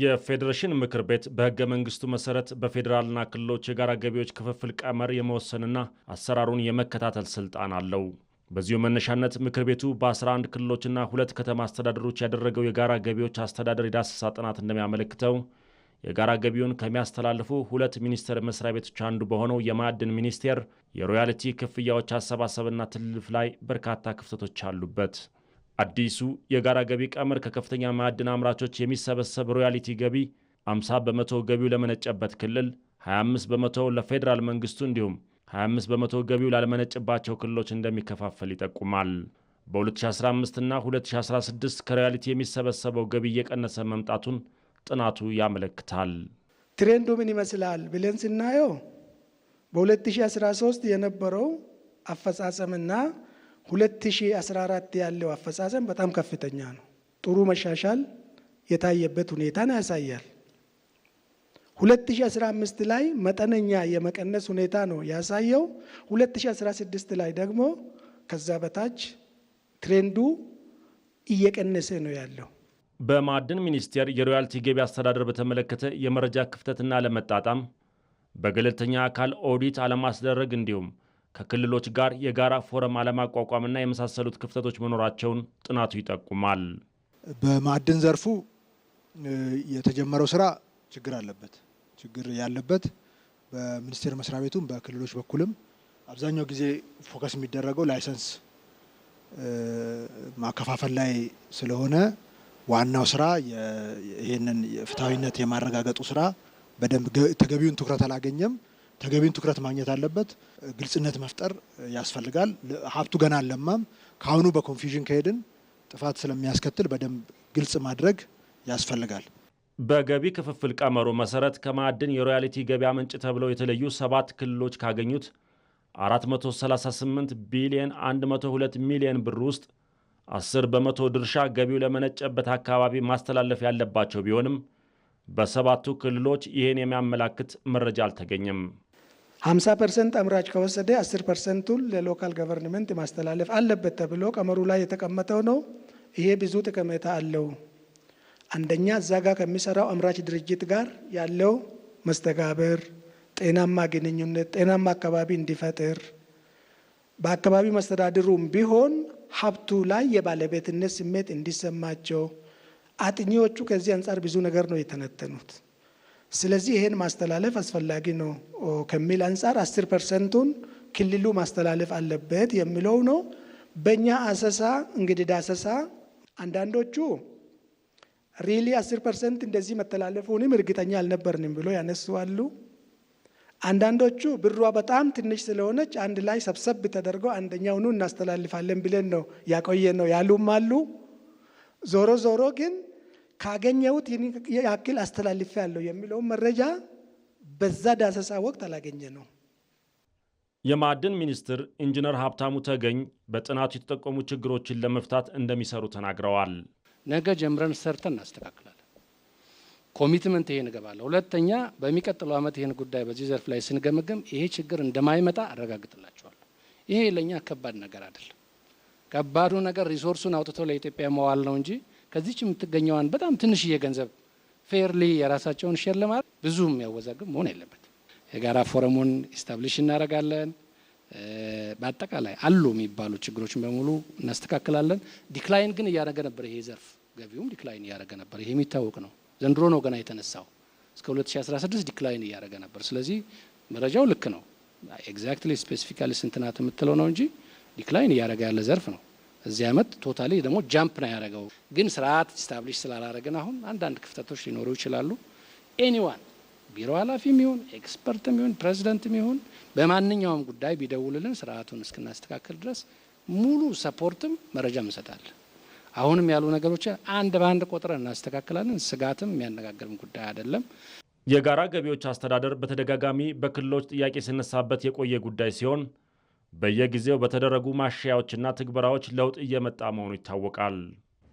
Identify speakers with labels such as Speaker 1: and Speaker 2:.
Speaker 1: የፌዴሬሽን ምክር ቤት በህገ መንግስቱ መሰረት በፌዴራልና ክልሎች የጋራ ገቢዎች ክፍፍል ቀመር የመወሰንና አሰራሩን የመከታተል ስልጣን አለው። በዚሁ መነሻነት ምክር ቤቱ በ11 ክልሎችና ሁለት ከተማ አስተዳደሮች ያደረገው የጋራ ገቢዎች አስተዳደር የዳሰሳ ጥናት እንደሚያመለክተው የጋራ ገቢውን ከሚያስተላልፉ ሁለት ሚኒስቴር መስሪያ ቤቶች አንዱ በሆነው የማዕድን ሚኒስቴር የሮያልቲ ክፍያዎች አሰባሰብና ትልልፍ ላይ በርካታ ክፍተቶች አሉበት። አዲሱ የጋራ ገቢ ቀመር ከከፍተኛ ማዕድን አምራቾች የሚሰበሰብ ሮያሊቲ ገቢ 50 በመቶ ገቢው ለመነጨበት ክልል፣ 25 በመቶ ለፌዴራል መንግስቱ እንዲሁም 25 በመቶ ገቢው ላለመነጭባቸው ክልሎች እንደሚከፋፈል ይጠቁማል። በ2015 እና 2016 ከሮያሊቲ የሚሰበሰበው ገቢ እየቀነሰ መምጣቱን ጥናቱ ያመለክታል።
Speaker 2: ትሬንዱ ምን ይመስላል ብለን ስናየው በ2013 የነበረው አፈጻጸምና 2014 ያለው አፈጻጸም በጣም ከፍተኛ ነው። ጥሩ መሻሻል የታየበት ሁኔታን ያሳያል። 2015 ላይ መጠነኛ የመቀነስ ሁኔታ ነው ያሳየው። 2016 ላይ ደግሞ ከዛ በታች ትሬንዱ እየቀነሰ ነው ያለው።
Speaker 1: በማዕድን ሚኒስቴር የሮያልቲ ገቢ አስተዳደር በተመለከተ የመረጃ ክፍተትና ለመጣጣም በገለልተኛ አካል ኦዲት አለማስደረግ እንዲሁም ከክልሎች ጋር የጋራ ፎረም አለማቋቋምና የመሳሰሉት ክፍተቶች መኖራቸውን ጥናቱ ይጠቁማል።
Speaker 3: በማዕድን ዘርፉ የተጀመረው ስራ ችግር አለበት ችግር ያለበት በሚኒስቴር መስሪያ ቤቱም በክልሎች በኩልም አብዛኛው ጊዜ ፎከስ የሚደረገው ላይሰንስ ማከፋፈል ላይ ስለሆነ ዋናው ስራ ይህንን ፍትሐዊነት የማረጋገጡ ስራ በደንብ ተገቢውን ትኩረት አላገኘም። ተገቢውን ትኩረት ማግኘት አለበት። ግልጽነት መፍጠር ያስፈልጋል። ሀብቱ ገና አለማም ከአሁኑ በኮንፊውዥን ከሄድን ጥፋት ስለሚያስከትል በደንብ ግልጽ ማድረግ ያስፈልጋል።
Speaker 1: በገቢ ክፍፍል ቀመሩ መሰረት ከማዕድን የሮያሊቲ ገቢያ ምንጭ ተብለው የተለዩ ሰባት ክልሎች ካገኙት 438 ቢሊየን 102 ሚሊየን ብር ውስጥ 10 በመቶ ድርሻ ገቢው ለመነጨበት አካባቢ ማስተላለፍ ያለባቸው ቢሆንም በሰባቱ ክልሎች ይህን የሚያመላክት መረጃ አልተገኘም።
Speaker 2: 50 ፐርሰንት አምራች ከወሰደ 10 ፐርሰንቱን ለሎካል ገቨርንመንት ማስተላለፍ አለበት ተብሎ ቀመሩ ላይ የተቀመጠው ነው። ይሄ ብዙ ጥቅሜታ አለው። አንደኛ እዛ ጋር ከሚሰራው አምራች ድርጅት ጋር ያለው መስተጋብር፣ ጤናማ ግንኙነት፣ ጤናማ አካባቢ እንዲፈጥር በአካባቢ መስተዳድሩም ቢሆን ሀብቱ ላይ የባለቤትነት ስሜት እንዲሰማቸው አጥኚዎቹ ከዚህ አንጻር ብዙ ነገር ነው የተነተኑት። ስለዚህ ይሄን ማስተላለፍ አስፈላጊ ነው ከሚል አንጻር አስር ፐርሰንቱን ክልሉ ማስተላለፍ አለበት የሚለው ነው። በእኛ አሰሳ እንግዲህ ዳሰሳ አንዳንዶቹ ሪሊ አስር ፐርሰንት እንደዚህ መተላለፉንም እርግጠኛ አልነበርንም ብሎ ያነሱዋሉ። አንዳንዶቹ ብሯ በጣም ትንሽ ስለሆነች አንድ ላይ ሰብሰብ ተደርገው አንደኛውኑ እናስተላልፋለን ብለን ነው ያቆየ ነው ያሉም አሉ። ዞሮ ዞሮ ግን ካገኘሁት ያክል አስተላልፍ ያለው የሚለውን መረጃ በዛ ዳሰሳ ወቅት አላገኘ ነው።
Speaker 1: የማዕድን ሚኒስትር ኢንጂነር ሀብታሙ ተገኝ በጥናቱ የተጠቆሙ ችግሮችን ለመፍታት እንደሚሰሩ ተናግረዋል።
Speaker 4: ነገ ጀምረን ሰርተን እናስተካክላለን። ኮሚትመንት ይሄ እገባለሁ። ሁለተኛ በሚቀጥለው ዓመት ይህን ጉዳይ በዚህ ዘርፍ ላይ ስንገመገም ይሄ ችግር እንደማይመጣ አረጋግጥላቸዋል። ይሄ ለእኛ ከባድ ነገር አይደለም። ከባዱ ነገር ሪሶርሱን አውጥቶ ለኢትዮጵያ መዋል ነው እንጂ ከዚች የምትገኘዋን በጣም ትንሽዬ ገንዘብ ፌርሊ የራሳቸውን ሼር ለማድረግ ብዙ የሚያወዛግብ መሆን የለበት። የጋራ ፎረሙን ኢስታብሊሽ እናደርጋለን። በአጠቃላይ አሉ የሚባሉ ችግሮችን በሙሉ እናስተካክላለን። ዲክላይን ግን እያደረገ ነበር። ይሄ ዘርፍ ገቢውም ዲክላይን እያደረገ ነበር። ይሄ የሚታወቅ ነው። ዘንድሮ ነው ገና የተነሳው። እስከ 2016 ዲክላይን እያደረገ ነበር። ስለዚህ መረጃው ልክ ነው። ኤግዛክትሊ ስፔሲፊካሊ ስንትናት የምትለው ነው እንጂ ዲክላይን እያደረገ ያለ ዘርፍ ነው። እዚህ አመት ቶታሊ ደግሞ ጃምፕ ነው ያደረገው። ግን ስርዓት ስታብሊሽ ስላላረግን አሁን አንዳንድ ክፍተቶች ሊኖሩ ይችላሉ። ኤኒዋን ቢሮ ኃላፊም ይሁን ኤክስፐርትም ይሁን ፕሬዚደንትም ይሁን በማንኛውም ጉዳይ ቢደውልልን ስርዓቱን እስክናስተካከል ድረስ ሙሉ ሰፖርትም መረጃም እንሰጣለን። አሁንም ያሉ ነገሮች አንድ በአንድ ቆጥረን እናስተካክላለን። ስጋትም የሚያነጋግርም ጉዳይ አይደለም።
Speaker 1: የጋራ ገቢዎች አስተዳደር በተደጋጋሚ በክልሎች ጥያቄ ሲነሳበት የቆየ ጉዳይ ሲሆን በየጊዜው በተደረጉ ማሻያዎችና ትግበራዎች ለውጥ እየመጣ መሆኑ ይታወቃል።